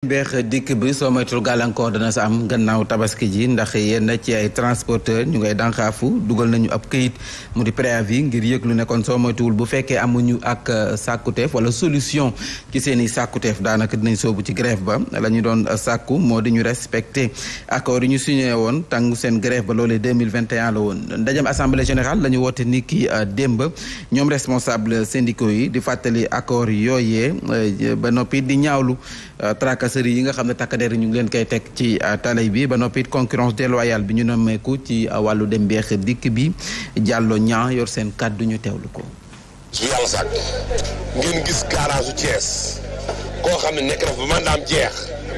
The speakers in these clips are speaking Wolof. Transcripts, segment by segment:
beex dikk bi soo moytul gàllankoor dana sa am gannaaw tabaski ji ndax yenn ci ay transporteurs ñu ngay dànqaafu dugal nañu ab këyit mu di préavis ngir yëglu ne kon soo moytuwul bu fekkee amuñu ak euh, sàkkuteef wala solution ci seen i sàkkuteef daanaka dinañ soobu ci grève ba la ñu doon euh, sàkku moo di ñu respecté accord yi ñu signé woon tàngu seen grève ba loolee 2021 la woon ndajam assemblée générale la ñu woote ni ki euh, démb ñoom responsable syndicaux yi di fàttali accord yooyee ba noppi di ñaawlu brasserie yi nga xam ne takkadeer ñu ngi leen koy teg ci euh, talay bi ba noppi concurrence déloyale bi ñu nemmeeku ci euh, wàllu dem beex dikk bi jàlloo ñaa yor seen kàddu ñu lu ko. su yàlla sàkk ngeen gis garage su Thiès koo xam ne nekk na fa mandaam jeex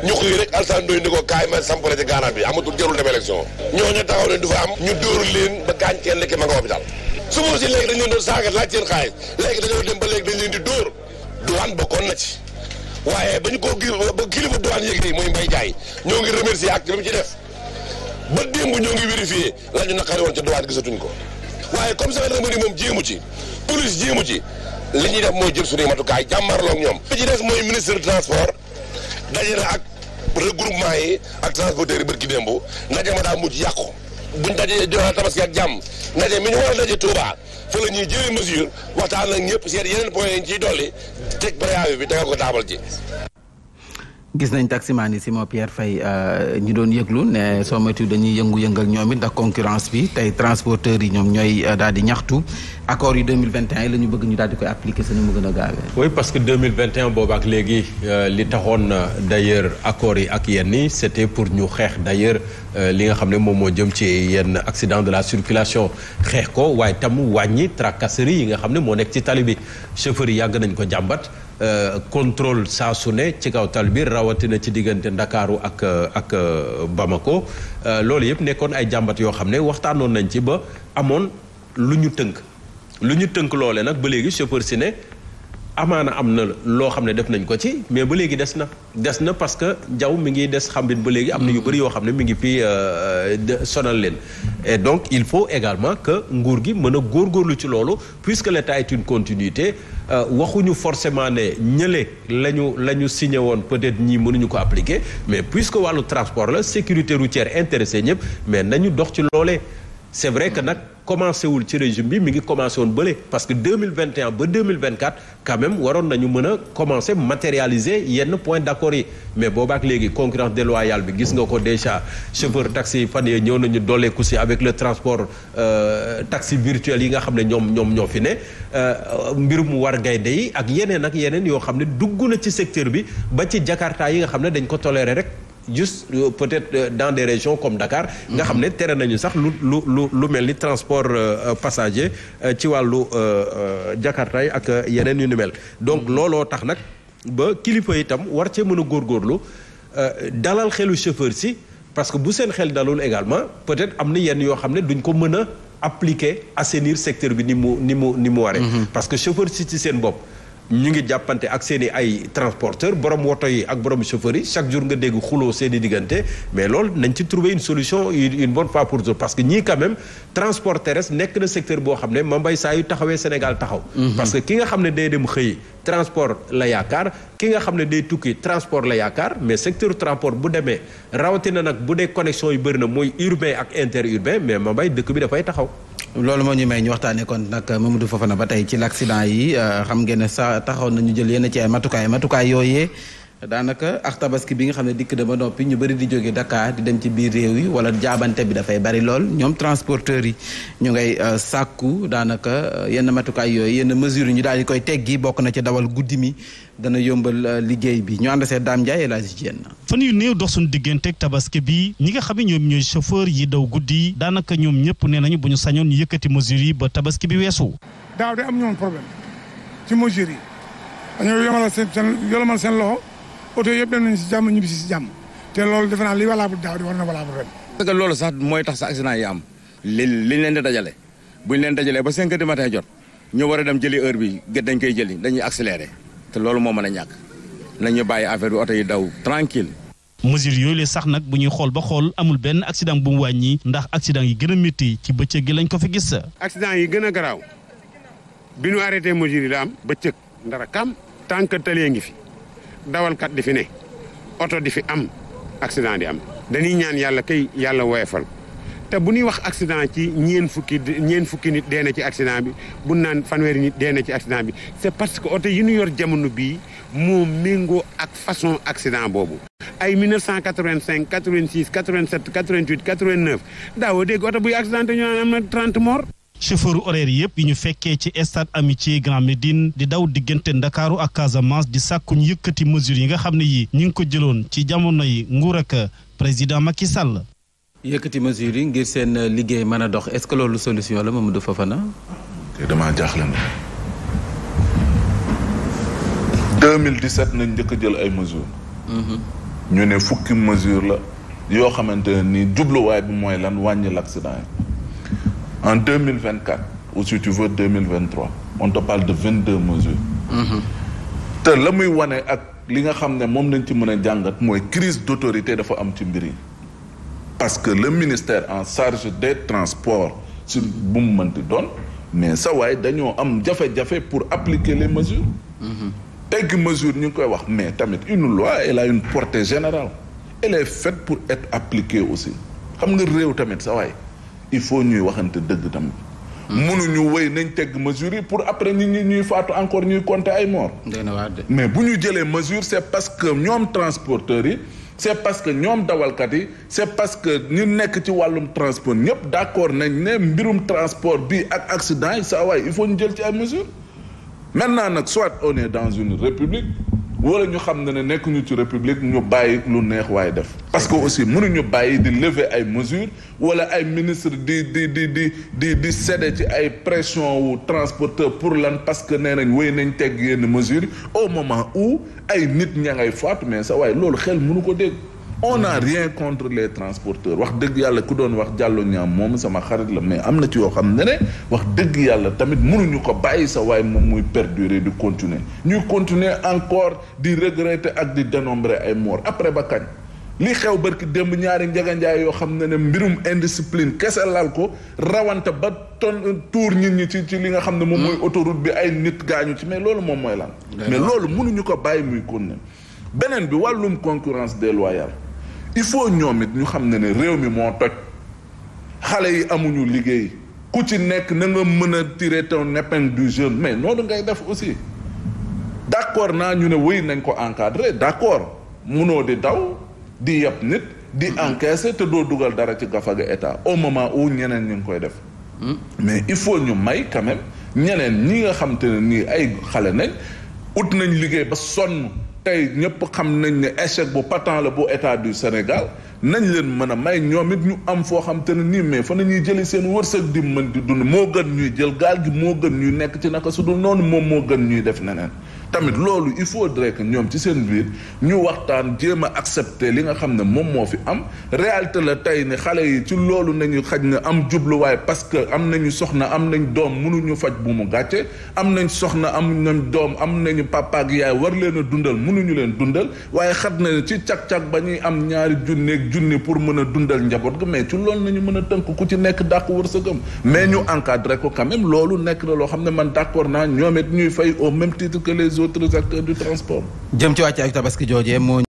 ñu xuy rek Alassane Ndoye ni ko kaay ma sampale ci garage bi amatul jarul dem élection. ñooñu taxaw leen du fa am. ñu dóorul leen ba gaañ kenn lekk ma nga hôpital su ma si léegi dañu leen doon laaj seen waaye ba ñu ko ba kilifa douane yëg nii mooy Mbaye jaay ñoo ngi remercier ak li mu ci def ba démb ñoo ngi vérifier la ñu naqari woon ca douane gisatuñ ko waaye comme gendarmerie moom jéemu ci police jéemu ci li ñuy def mooy jël suñuy matukaay jàmmarloo ak ñoom. li ci des mooy ministre du transport daje na ak regroupement yi ak transporteurs yi bërki démb ndaje ma daa mujj yàqu. buñ dajee joxe tabaski ak jàmm ndaje mi ñu war a daje Touba fa ñuy jëlee mesure waxtaan ak ñëpp seet yeneen point yi ñu ciy dolli teg préavis bi tegal ko taabal ji gis nañ taximaan yi Simon Pierre Faye euh, ñi doon yëglu ne soo moytu dañuy yëngu-yëngal ñoom it ndax concurrence bi tey transporteurs yi ñoom ñooy euh, daal di ñaxtu accords yi 2021 la ñu bëgg ñu daal di koy appliquer sunu mu gën a gaawee. oui parce que 2021 boobu ak léegi euh, li taxoon d' ailleurs accords yi ak yenn yi c' était pour ñu xeex d' li nga xam ne moom moo jëm ci yenn accident de la circulation xeex ko waaye tam wàññi tracasserie yi nga xam ne moo nekk ci tali bi chauffeur yi yàgg nañ ko jàmbat. Euh, contrôle saa su ne ci kaw tal rawatina ci diggante Ndakaaru ak ak euh, Bamako euh, loolu yëpp nekkoon ay jàmbat yoo xam ne waxtaanoon nañ ci ba amoon lu ñu tënk lu ñu tënk loole nag ba léegi chauffeur si ne amaana am na loo xam ne def nañ ko ci mais ba léegi des na des na parce que jaww mi ngi des xambit ba léegi am na yu mm. bëri yoo xam ne mi ngi fii euh, sonal leen et donc il faut également que nguur gi mën a góorlu ci loolu puisque l'état est une continuité euh, waxuñu forcément ne ñële la ñu la ñu signé woon peut-être ñii mënuñu ko appliquer mais puisque wàllu transport la sécurité routière intéressé ñëpp mais nañu dox ci loolee c' est vrai que nag commencé wul ci régime bi mi ngi commencé woon bële parce que 2021 ba 2024 quand même waroon nañu mën a commencé matérialiser yenn point d' accord yi mais boobaak léegi concurrence déloyale bi gis nga ko déjà chauffeur taxi yi fan yee ñëw nañu dooleeku si avec le transport euh, taxi virtuel yi nga xam ne ñoom ñoom ñoo fi ne euh, mbir mu war gaynde yi ak yeneen ak yeneen yoo xam ne dugg na ci secteur bi ba ci jakarta yi nga xam ne dañ ko toléré rek juste euh, peut-être euh, dans des régions comme Dakar. nga xam ne tere nañu sax lu lu lu lu mel ni transport euh, passager ci wàllu jakartaay ak yeneen yu ni mel. donc looloo tax nag ba kilifa itam war cee mën a góorgóorlu dalal xelu chauffeur si parce que bu seen xel dalul également peut-être am na yenn yoo xam ne duñ ko mën a appliquer assainir secteur bi ni mu ni mu ni mu waree. Mm-hmm. parce que chauffeur si ci seen bopp. ñu ngi jàppante ak seen i ay transporteur borom woto yi ak borom chauffeur yi chaque jour nga dégg xuloo seeni diggante mais lool nañ ci trouver une solution une bonne fois pour tous parce que ñii quand même transport nekk na secteur boo xam ne ma mbay saa yu taxawee Sénégal taxaw mm-hmm. parce que ki nga xam ne day dem xëy transport la yaakaar ki nga xam ne day tukki transport la yaakaar mais secteur transport bu demee rawatina nag bu dee connexion yu bëri na muy urbain ak interurbain mais ma bay dëkk bi dafay taxaw. loolu moo ñuy may ñu waxtaanee kon nag Mamadou Fofana ba tey ci l'accident yi euh, xam ngeen ne sax taxaw nañu jël yenn ci ay matukaay matukaay yooyee. daanaka ak tabaski bi nga xam ne dikk na ba noppi ñu bëri di jóge Dakar di dem ci biir réew yi wala jaabante bi dafay bari lool ñoom transporteurs yi ñu ngay euh, sàkku daanaka euh, yenn matukaay yooyu yenn mesures ñu daal di koy teggi bokk na ci dawal guddi mi dana yombal euh, liggéey bi ñu ànd see Dame Ndiaye El Hadj Diène fan yu néew dox suñu digganteeg tabaski bi ñi nga xam ne ñoom ñooy chauffeur yi daw guddi daanaka ñoom ñëpp nee nañu bu ñu sañoon ñu yëkkati mesures yi ba tabaski bi weesu. daaw de am ñoom problème ci oto yëpp dem nañ si jàmm ñibbi si si jàmm te loolu defe li walaabul daaw di war na walaabul ren. parce que loolu sax mooy tax sa accident yi am li leen di dajale buñ leen dajalee ba 5 heures du matin jot ñu war a dem jëli heure bi gët dañ koy jëli dañuy accéléré te loolu moo mën a ñàkk nañu bàyyi affaire bi oto yi daw tranquille mesure yooyu la sax nag bu ñuy xool ba xool amul benn accident bu mu wàññi ndax accident yi gën a métti ci bëccëg gi lañ ko fi gis. accident yi gën a garaaw bi ñu arrêté mesure la am bëccëg ndara kam tànk talee ngi fi. dawalkat di fi ne oto di fi am accident di am dañuy ñaan yàlla kay yàlla woyefal te bu ñuy wax accident ci ñeen fukki ñeen fukki nit dee na ci accident bi bu naan fanweeri nit dee na ci accident bi c'est parce que oto yi ñu yor jamono bii moo méngoo ak façon accident boobu. ay 1985 86 87 88 89 daawoo dégg oto buy accidenté ñu am na 30 morts. chauffeur horaire yëpp yi ñu fekkee ci stade amitié Grand Médine di daw diggante Ndakaaru ak Casamance di sàkku ñu yëkkati mesures yi nga xam ne yi ñu ngi ko jëloon ci jamono yi nguur ak président Macky Sall. yëkkati mesures yi ngir seen liggéey mën a dox est-ce que loolu solution la Mamadou Fofana. te damaa jaaxle na. nañ njëkk a jël ay mesures. Mhm. ñoo ne fukki mesure la yoo xamante ne nii jubluwaay bi mooy lan wàññi l'accident en deux mille vingt quatre ou si tu veux deux mille vingt de vingt deux mesures. Mhm. te la muy wane ak li nga xam ne moom lañ ci mën a jàngat mooy crise d' autorité dafa am ci mbir yi parce que le ministère en charge des transport su bu mu mënti doon mais sa waay dañoo am jafe-jafe pour appliquer les mesures. Mhm. tegg mesure ñu ngi koy wax mais tamit une loi elle a une portée général elle est faite pour être appliquée aussi xam nga réew tamit sa waay. il faut ñuy waxante dëgg tamit. mënuñu wéy nañ teg mesures yi pour après nit ñi ñuy faatu encore ñuy compter ay morts. mais bu ñu jëlee mesure est parce que ñoom transporteurs yi. c' est parce que ñoom dawalkat yi c' est parce que ñu nekk ci wàllum transport ñëpp d' accord nañ ne mbirum transport bi ak accident yi saa waay il faut ñu jël ci ay mesures. maintenant nag soit on est dans une république wala ñu xam ne ne nekkuñu ci république ñu bàyyi lu neex waaye def. parce que aussi mënuñu bàyyi di lever ay mesures wala ay ministre di di di di di di cédé ci ay pression wu transporteur pour lan parce que nee nañ wéy nañ teg yenn mesures au moment où ay nit ña ngay faatu mais sa waaye loolu xel mënu ko dégg on n'a rien contre les wax dëgg yàlla ku doon wax jàllo ñaam moom sama xarit la mais am na ci yoo xam ne wax dëgg yàlla tamit mënuñu ko bàyyi sa waaye moom muy perdurer di continuer ñuy continuer encore di regretter ak di dénombrer ay morts après ba li xew barki démb ñaari njaganjaay yoo xam ne ne mbirum indiscipline kese lal ko rawante ba ton tour nit ñi ci ci li nga xam ne moom mooy hmm. autoroute bi ay nit gaañu ci mais loolu moom mooy lan mais loolu mënuñu ko bàyyi muy konne beneen bi wàllum concurrence déloyale il faut ñoom it ñu xam ne ne réew mi moo toj xale yi amuñu liggéey ku ci nekk na nga mën a tirer ton épingle du jeu mais noonu ngay def aussi d' accord naa ñu ne wéy nañ ko encadré d' accord munoo di daw di yab nit di encaisser te doo dugal dara ci gafaga état au moment où ñeneen ñu ngi koy def mm. mais il faut ñu may quand ñeneen ñi nga xam te ne nii ay xale nañ ut nañ liggéey ba sonn tey ñëpp xam nañ ne échec bu patent la bu état du Sénégal nañ leen mën a may ñoom it ñu am foo xam te ne nii mais fa ñuy jëli seen wërsëg di mën di dund moo gën ñuy jël gaal gi moo gën ñuy nekk ci naka su dul noonu moom moo gën ñuy def neneen tamit loolu il faudrait que ñoom ci seen biir ñu waxtaan jéem a accepter li nga xam ne moom moo fi am réalité la tey ne xale yi ci loolu nañu xaj na am jubluwaay parce que am nañu soxna am nañ doom mënuñu faj bu mu gàcce am nañ soxna am nañ doom am nañu papa yaay war leen a dundal mënuñu leen dundal waaye xat na ci cag-cag ba ñuy am ñaari junneeg junni pour mën a dundal njaboot ga mais ci loolu nañu mën a tënk ku ci nekk dàq wërsëgam mais ñu encadré ko quand même loolu nekk na loo xam ne man d'accord naa ñoom it ñuy même titre que autres acteurs du transport. jëm ci wàcc ak tabaski moo